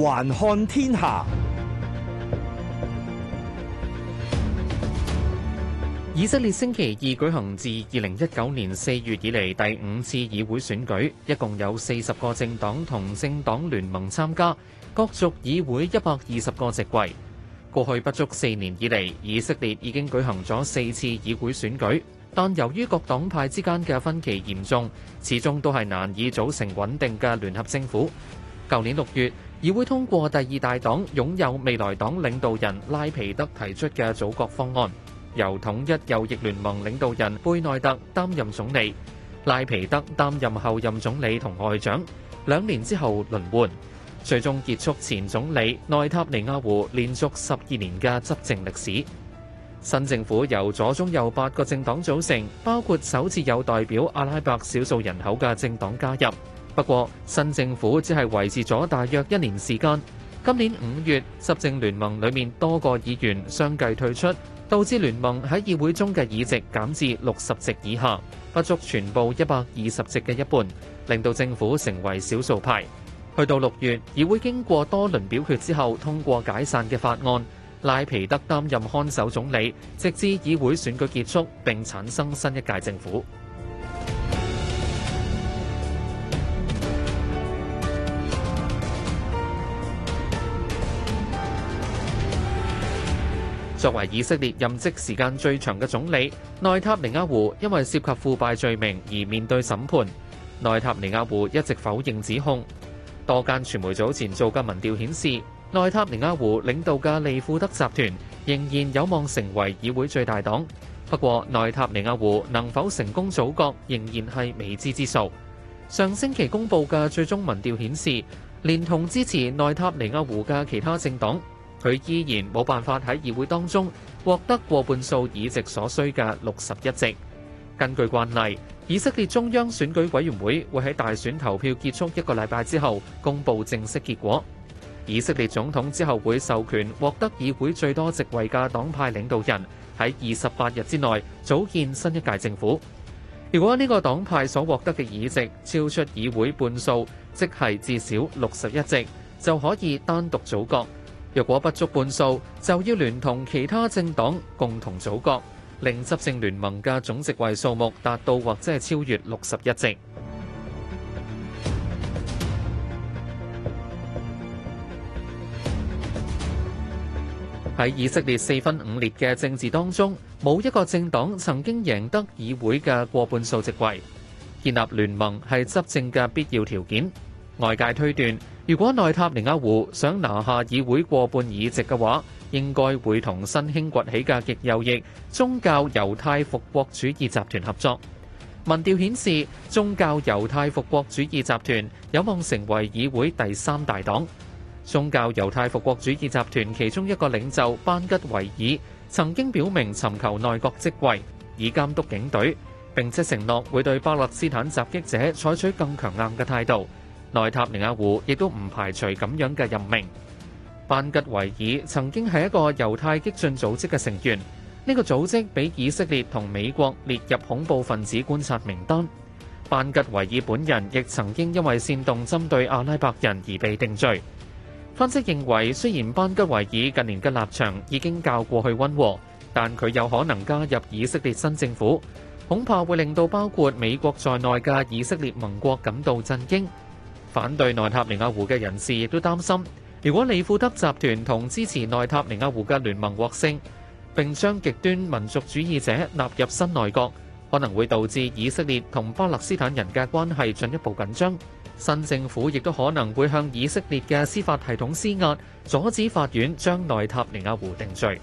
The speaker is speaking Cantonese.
環看天下。以色列星期二舉行自二零一九年四月以嚟第五次議會選舉，一共有四十個政黨同政黨聯盟參加，角逐議會一百二十個席位。過去不足四年以嚟，以色列已經舉行咗四次議會選舉，但由於各黨派之間嘅分歧嚴重，始終都係難以組成穩定嘅聯合政府。舊年六月，議會通過第二大黨擁有未來黨領導人拉皮德提出嘅組閣方案，由統一右翼聯盟領導人貝內特擔任總理，拉皮德擔任後任總理同外長，兩年之後輪換，最終結束前總理內塔尼亞胡連續十二年嘅執政歷史。新政府由左中右八個政黨組成，包括首次有代表阿拉伯少數人口嘅政黨加入。不過，新政府只係維持咗大約一年時間。今年五月，執政聯盟裏面多個議員相繼退出，導致聯盟喺議會中嘅議席減至六十席以下，不足全部一百二十席嘅一半，令到政府成為少數派。去到六月，議會經過多輪表決之後，通過解散嘅法案，賴皮德擔任看守總理，直至議會選舉結束，並產生新一屆政府。作為以色列任職時間最長嘅總理，內塔尼亞胡因為涉及腐敗罪名而面對審判。內塔尼亞胡一直否認指控。多間傳媒早前做嘅民調顯示，內塔尼亞胡領導嘅利庫德集團仍然有望成為議會最大黨。不過，內塔尼亞胡能否成功組閣仍然係未知之數。上星期公佈嘅最終民調顯示，連同支持內塔尼亞胡嘅其他政黨。佢依然冇辦法喺議會當中獲得過半數議席所需嘅六十一席。根據慣例，以色列中央選舉委員會會喺大選投票結束一個禮拜之後公佈正式結果。以色列總統之後會授權獲得議會最多席位嘅黨派領導人喺二十八日之內組建新一屆政府。如果呢個黨派所獲得嘅議席超出議會半數，即係至少六十一席，就可以單獨組閣。若果不足半數，就要聯同其他政黨共同組閣，令執政聯盟嘅總席位數目達到或者係超越六十一席。喺以色列四分五裂嘅政治當中，冇一個政黨曾經贏得議會嘅過半數席位。建立聯盟係執政嘅必要條件。外界推斷，如果內塔尼亞胡想拿下議會過半議席嘅話，應該會同新興崛起嘅極右翼宗教猶太復國主義集團合作。民調顯示，宗教猶太復國主義集團有望成為議會第三大黨。宗教猶太復國主義集團其中一個領袖班吉維爾曾經表明尋求內閣職位，以監督警隊，並且承諾會對巴勒斯坦襲擊者採取更強硬嘅態度。內塔尼亞胡亦都唔排除咁樣嘅任命。班吉維爾曾經係一個猶太激進組織嘅成員，呢個組織畀以色列同美國列入恐怖分子觀察名單。班吉維爾本人亦曾經因為煽動針對阿拉伯人而被定罪。分析認為，雖然班吉維爾近年嘅立場已經較過去溫和，但佢有可能加入以色列新政府，恐怕會令到包括美國在內嘅以色列盟國感到震驚。反對內塔尼亞胡嘅人士亦都擔心，如果利庫德集團同支持內塔尼亞胡嘅聯盟獲勝，並將極端民族主義者納入新內閣，可能會導致以色列同巴勒斯坦人嘅關係進一步緊張。新政府亦都可能會向以色列嘅司法系統施壓，阻止法院將內塔尼亞胡定罪。